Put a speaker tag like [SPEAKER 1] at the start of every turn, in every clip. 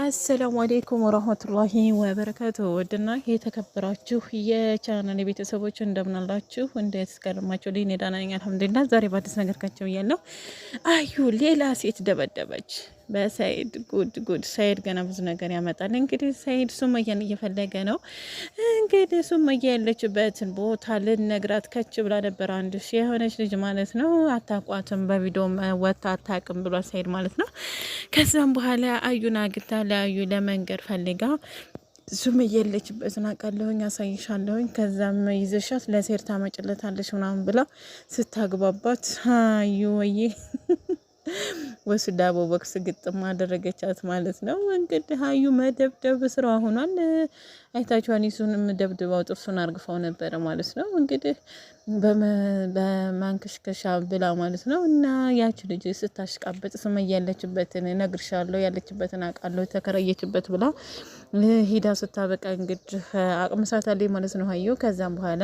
[SPEAKER 1] አሰላሙ አሌይኩም ወረህመቱላሂ ወበረካቱ። ወድና የተከበራችሁ የቻናል ቤተሰቦች እንደምናላችሁ፣ እንዴት ስቀልማቸው ልኝ ኔዳናኛ አልሐምዱሊላህ። ዛሬ በአዲስ ነገር ካቸው እያለሁ አዩ ሌላ ሴት ደበደበች። በሰይድ ጉድ ጉድ። ሰይድ ገና ብዙ ነገር ያመጣል። እንግዲህ ሰይድ ሱመያን እየፈለገ ነው። እንግዲህ ሱመያ ያለችበትን ቦታ ልነግራት ከች ብላ ነበር። አንድ ሺ የሆነች ልጅ ማለት ነው። አታቋትም፣ በቪዲዮ ወታ አታቅም ብሏል ሰይድ ማለት ነው። ከዛም በኋላ አዩን አግታ ለአዩ ለመንገድ ፈልጋ ሱመያ ያለችበትን አውቃለሁኝ፣ አሳይሻለሁኝ፣ ከዛም ይዘሻት ለሴር ታመጭለታለች ምናምን ብላ ስታግባባት አዩ ወዬ ወስዳ በቦክስ ግጥም አደረገቻት ማለት ነው። እንግዲህ ሀዩ መደብደብ ስራ ሆኗል። አይታችኋን ይሱንም ደብድባው ጥርሱን አርግፈው ነበረ ማለት ነው። እንግዲህ በማንከሽከሻ ብላ ማለት ነው። እና ያች ልጅ ስታሽቃበጥ ስመ ያለችበትን ነግርሻለሁ፣ ያለችበትን አውቃለሁ፣ ተከራየችበት ብላ ሂዳ ስታበቃ እንግዲህ አቅምሳታለች ማለት ነው ሀዩ ከዛም በኋላ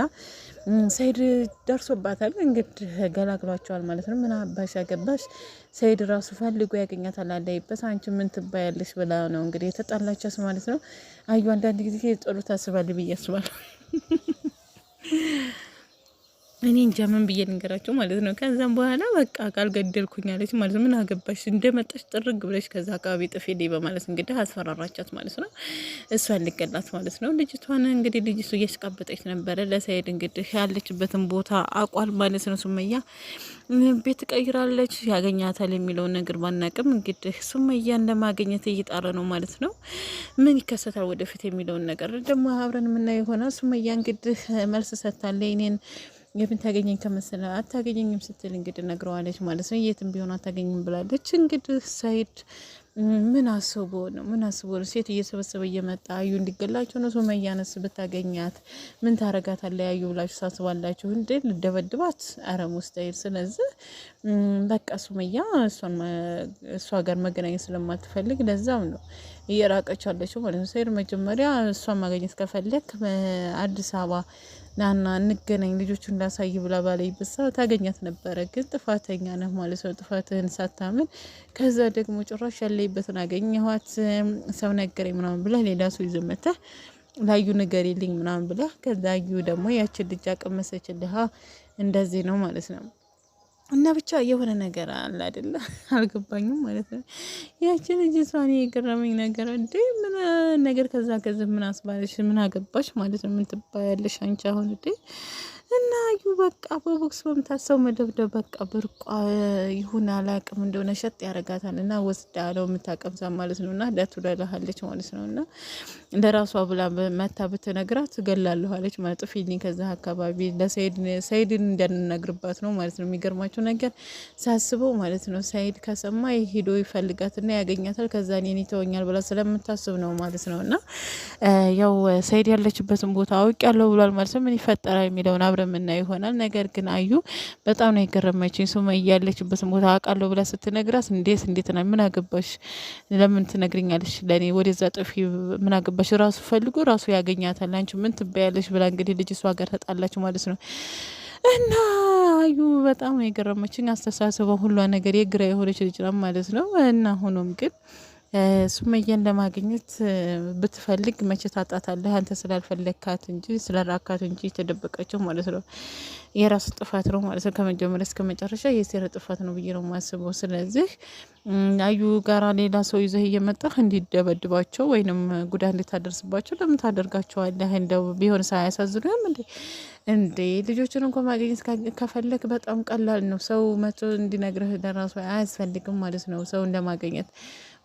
[SPEAKER 1] ሰይድ ደርሶባታል። እንግዲህ ገላግሏቸዋል ማለት ነው። ምን አባሽ አገባሽ፣ ሰይድ ራሱ ፈልጎ ያገኛታል። አለይበት አንቺ ምን ትባያለሽ ብላ ነው እንግዲህ የተጣላቻስ ማለት ነው። አዩ አንዳንድ ጊዜ ጥሩ ታስባል ብዬ አስባለሁ። እኔ እንጃ ምን ብዬ ልንገራቸው ማለት ነው። ከዛም በኋላ በቃ ቃል ገደልኩኝ አለች ማለት ነው። ምን አገባሽ እንደመጣሽ ጥርግ ብለሽ ከዛ አካባቢ ጥፌ ላይ በማለት እንግዲህ አስፈራራቻት ማለት ነው። እሷ ልገላት ማለት ነው። ልጅቷን እንግዲህ ልጅቱ እያሽቃበጠች ነበረ። ለሳይድ እንግዲህ ያለችበትን ቦታ አቋል ማለት ነው። ሱመያ ቤት ቀይራለች ያገኛታል የሚለውን ነገር ባናቅም እንግዲህ ሱመያን ለማግኘት እየጣረ ነው ማለት ነው። ምን ይከሰታል ወደፊት የሚለውን ነገር ደግሞ አብረን የምናየው ይሆናል። ሱመያ እንግዲህ መልስ ሰጥታለች እኔን የምታገኘኝ ታገኘኝ ከመሰለ አታገኘኝም ስትል እንግዲህ ነግረዋለች ማለት ነው። የትም ቢሆን አታገኝም ብላለች። እንግዲህ ሰይድ ምን አስቦ ነው? ምን አስቦ ነው? ሴት እየሰበሰበ እየመጣ አዩ እንዲገላቸው ነው። ሱመያነስ ብታገኛት ምን ታረጋት? አለያዩ ብላችሁ ሳስባላችሁ እንዴ ልደበድባት አረም ውስጥ ስለዚህ በቃ ሱመያ እሷ ጋር መገናኘት ስለማትፈልግ ለዛም ነው እየራቀች አለች ማለት ነው። ሰይድ መጀመሪያ እሷን ማገኘት ከፈለክ አዲስ አበባ ናና እንገናኝ ልጆቹ እንዳሳይ ብላ ባለይበት ብሳ ታገኛት ነበረ። ግን ጥፋተኛ ነህ ማለት ነው፣ ጥፋትህን ሳታምን። ከዛ ደግሞ ጭራሽ ያለይበትን አገኘኋት ሰው ነገረኝ ምናምን ብላ ሌላ ሰው ይዘህ መተህ ላዩ ንገሪልኝ ምናምን ብላ ከላዩ ደግሞ ያችን ልጅ አቀመሰችልህ። እንደዚህ ነው ማለት ነው። እና ብቻ የሆነ ነገር አለ አይደለ? አልገባኝም ማለት ነው። ያችን ልጅ ሷኔ የገረመኝ ነገር እንዴ ምን ነገር ከዛ ከዚህ ምን አስባለሽ? ምን አገባሽ ማለት ነው። ምን ትባያለሽ አንቺ አሁን እንዴ እና አዩ በቃ በቦክስ በምታት ሰው መደብደብ በቃ ብርቋ ይሁን አላቅም እንደሆነ ሸጥ ያደርጋታል። እና ወስዳ ነው የምታቀምሳ ማለት ነው። እና ዳቱ ላላሃለች ማለት ነው። እና እንደ ራሷ ብላ መታ ብትነግራት ገላለሁ አለች ማለት ፊልኝ ከዛ አካባቢ ለሰይድን እንደንነግርባት ነው ማለት ነው። የሚገርማቸው ነገር ሳስበው ማለት ነው ሳይድ ከሰማ ሄዶ ይፈልጋትና ያገኛታል። ከዛ እኔን ይተወኛል ብላ ስለምታስብ ነው ማለት ነው። እና ያው ሳይድ ያለችበትን ቦታ አውቅ ያለው ብሏል ማለት ነው። ምን ይፈጠራል የሚለውን አብረ የምናየው ይሆናል። ነገር ግን አዩ በጣም ነው የገረመችኝ። ሱመያ ያለችበትን ቦታ አውቃለሁ ብላ ስትነግራት እንዴት እንዴት ና ምን አገባሽ ለምን ትነግርኛለች ለእኔ ወደዛ ጥፊ ምን አገባሽ ራሱ ፈልጎ ራሱ ያገኛታል አንቺ ምን ትበያለሽ ብላ እንግዲህ ልጅ እሷ ጋር ተጣላች ማለት ነው። እና አዩ በጣም ነው የገረመችኝ። አስተሳሰቧ ሁሏ ነገር የግራ የሆነች ልጅ ናት ማለት ነው። እና ሆኖም ግን ሱመያን ለማግኘት ብትፈልግ መቼ ታጣታለህ? አንተ ስላልፈለግካት እንጂ ስለራካት እንጂ የተደበቀችው ማለት ነው። የራሱ ጥፋት ነው ማለት ነው። ከመጀመሪያ እስከ መጨረሻ የሴረ ጥፋት ነው ብዬ ነው የማስበው። ስለዚህ አዩ ጋራ ሌላ ሰው ይዘህ እየመጣህ እንዲደበድባቸው ወይንም ጉዳ እንዲታደርስባቸው ለምን ታደርጋቸዋለህ? እንደው ቢሆን ሳያሳዝኑም እንዴ እንዴ ልጆችን እንኳ ማግኘት ከፈለግ በጣም ቀላል ነው። ሰው መቶ እንዲነግርህ ለራሱ አያስፈልግም ማለት ነው። ሰው እንደማገኘት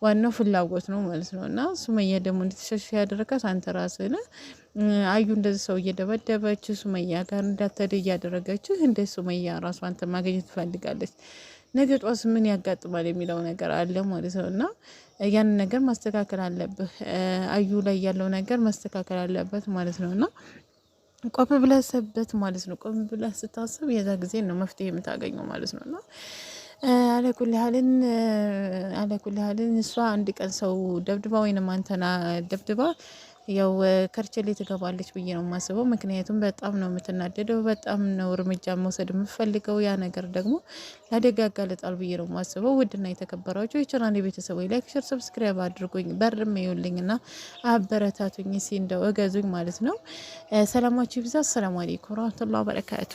[SPEAKER 1] ዋናው ፍላጎት ነው ማለት ነው። እና ሱመያ ደግሞ እንድትሸሽ ያደረጋት አንተ ራስህ ነህ። አዩ እንደዚህ ሰው እየደበደበች ሱመያ ጋር እንዳትሄድ እያደረገችህ እንደ ሱመያ አንተ ማግኘት ትፈልጋለች። ነገ ጧት ምን ያጋጥማል የሚለው ነገር አለ ማለት ነው። እና ያንን ነገር ማስተካከል አለብህ። አዩ ላይ ያለው ነገር ማስተካከል አለበት ማለት ነው እና ቆም ብለህ ሰበት ማለት ነው። ቆም ብለህ ስታስብ የዛ ጊዜ ነው መፍትሄ የምታገኘው ማለት ነው እና አለኩልህልን አለኩልህልን እሷ አንድ ቀን ሰው ደብድባ ወይንም አንተና ደብድባ ያው ከርቸሌ ትገባለች ብዬ ነው የማስበው። ምክንያቱም በጣም ነው የምትናደደው፣ በጣም ነው እርምጃ መውሰድ የምፈልገው። ያ ነገር ደግሞ ለአደጋ ያጋልጣል ብዬ ነው የማስበው። ውድና የተከበራችሁ የቻናል ቤተሰቦች ላይክ፣ ሸር፣ ሰብስክራይብ አድርጉኝ፣ በርም ይውልኝና አበረታቱኝ፣ ሲ እንደው እገዙኝ ማለት ነው። ሰላማችሁ ይብዛ። አሰላሙ አለይኩም ረህመቱላህ በረካቱ